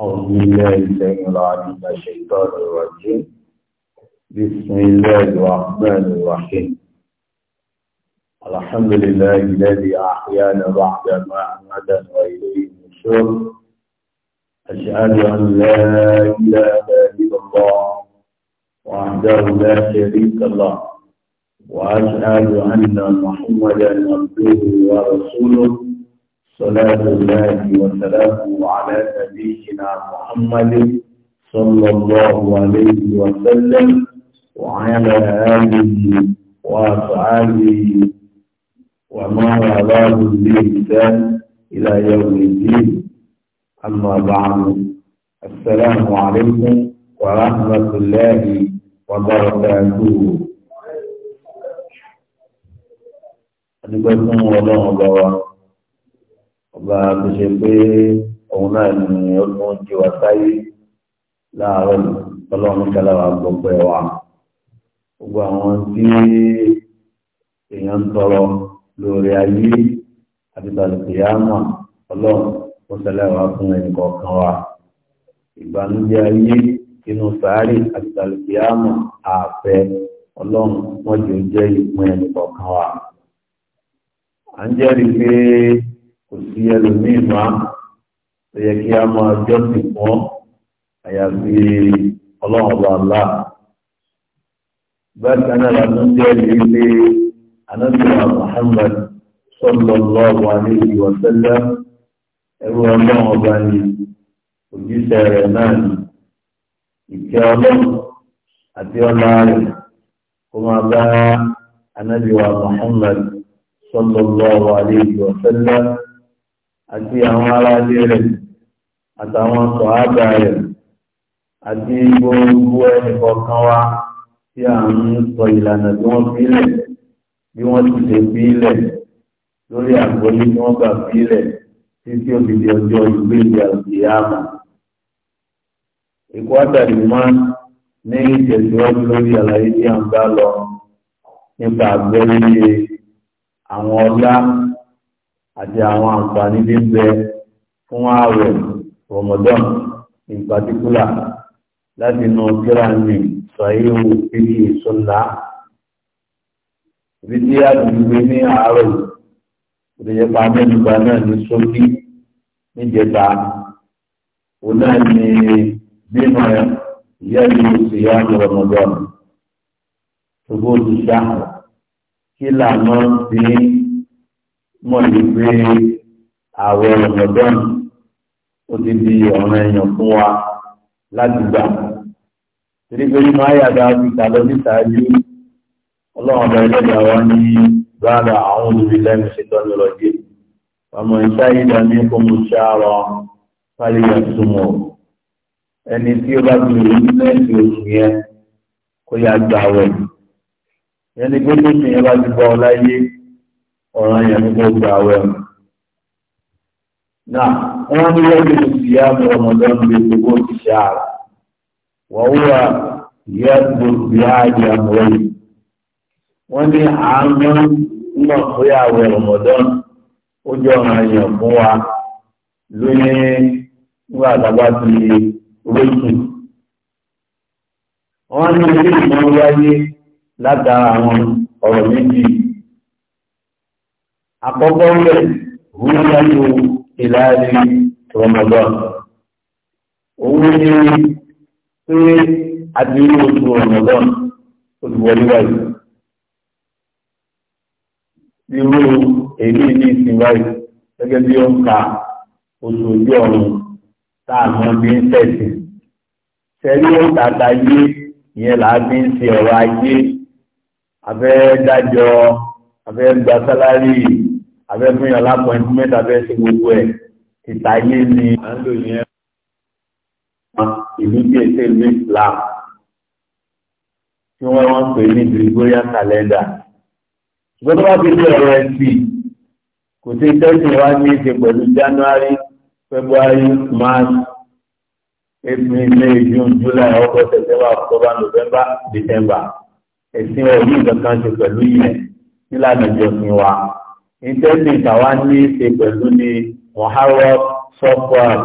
أعوذ بالله السميع العليم من الشيطان الرجيم بسم الله الرحمن الرحيم الحمد لله الذي أحيانا بعد ما أمدنا وإليه النشور أشهد أن لا إله إلا الله وحده لا شريك له وأشهد أن محمدا عبده ورسوله صلاة الله وسلامه على نبينا محمد صلى الله عليه وسلم وعلى آله وأصحابه وما والاه بإحسان إلى يوم الدين أما بعد السلام عليكم ورحمة الله وبركاته أنا بسم الله وبركاته ọba tó ṣe pé òun náà ni ọdún jí wa sáyé láàárọ̀ ọlọ́run kẹlẹ́ wa gbogbo ẹ̀ wa gbogbo àwọn tí èèyàn ń tọrọ lórí ayé àti tàlùkìyàmà ọlọ́run ó ṣẹlẹ̀ wá fún ẹnì kọ̀ọ̀kan wa ìbànújẹ́ ayé inú sàárì àti tàlùkìyàmà àfẹ́ ọlọ́run wọ́n jẹ́ ìpín ẹnì kọ̀ọ̀kan wa à ń jẹ́rìí pé kò sí ẹlòmíì má tó yẹ kí a máa jọ́sìn fún àyàfi ọlọ́run ọba ńlá. bákan náà ló ń jẹ́ ilé anábìyà Muhammad sallallahu alayhi wa sallam ẹrú ọlọ́run ọba ni òjíṣẹ́ rẹ̀ náà ni ìkẹ́ ọlọ́run àti ọlá rẹ̀ kó máa bá anábìyà Muhammad sallallahu alayhi wa sallam àti àwọn aráalé rẹ̀ àtàwọn sọ̀hábà rẹ̀ àti gbogbo ẹnìkọ̀ọ̀kan wa tí à ń sọ ìlànà tí wọ́n fi lẹ̀ bí wọ́n ti lè fi lẹ̀ lórí àgbọ́lé tí wọ́n gbà fi lẹ̀ títí ó fi di ọjọ́ ìgbéǹde àlùkìyàmà. Èkó àtàlù máa ní ìtẹ̀síwájú lórí àlàyé tí à ń bá lọ nípa àgbọ́lé àwọn ọlá àti àwọn àǹfààní tí ń bẹ fún ààwẹ̀ Ramadan in particular láti inú kíláàmì sàyẹ̀wò fífi ìsọ̀lá ibi tí a ti gbé ní àárọ̀ ìdíyẹpá mẹ́nuba náà ní sókí níjẹta òun náà ní bínú ìyá ìlú ìyá Ramadan ṣùgbọ́n olùṣà kí làwọn ti ń mọ̀ lè gbé àwẹ̀ ọ̀dọ́n ó ti di ọ̀ràn èèyàn fún wa láti gbà. Torí pé nínú àyàdá ti ta lọ sísáájú, ọlọ́run ọba ẹlẹ́dàá wa ní gbára àwọn olùbílẹ̀ mi ṣe tọ́nu lọ́jẹ́. Ọmọ ìṣáyé dání kó mo ṣáàrọ̀ fáyé súnmọ́. Ẹni tí ó bá ti lè ní mẹ́sì oṣù yẹn kó yá gbà wẹ̀. Ẹni pé tó ṣe yẹn bá ti bọ́ ọ láyé. ọ̀ràn yẹn ní gbogbo àwẹ̀ ọ̀. Náà wọ́n ní wọ́n bíi ìyá mi ọmọdé gbogbo òṣìṣẹ́ àrà. Wọ́n wúra gbogbo ìyá àjẹ àmọ́ yìí. Wọ́n ní àánú náà pé àwẹ̀ ọmọdé ó jẹ́ ọ̀ràn yẹn fún wa nígbà tàbá ti Wọ́n ní àkọ́kọ́ rẹ̀ wúlọ́lù ìlàrí Ramadan òun ni pé adúlé oṣù Ramadan olùwọléwáyé irú èyí ní ìsinwáyé gẹ́gẹ́ bí ó ń ka oṣù ojú ọ̀run táàmù bí ń tẹ̀sí sẹ́rí ó tàtà yé ìyẹn làá fi ń ṣe ọ̀rọ̀ ajé abẹ́ dájọ́ abẹ́ gba abẹ́ fún yàn lápọ̀ìntímẹ́t abẹ́ sí gbogbo ẹ̀ títà ilé ni à ń lò yẹn ìlú tí èsè ìlú Islam tí wọ́n wọ́n pè ní Gregorian calendar ṣùgbọ́n tó bá fi lé ọ̀rọ̀ ẹ̀sìn kò sí tẹ́sí wa ní í ṣe pẹ̀lú January February March April May June July August September October November December ẹ̀sìn ọ̀rọ̀ yìí kankan ṣe pẹ̀lú yẹn nílànà ìjọsìn wa intẹ́sìn tàwa ní í ni muharram sọ́fọ́n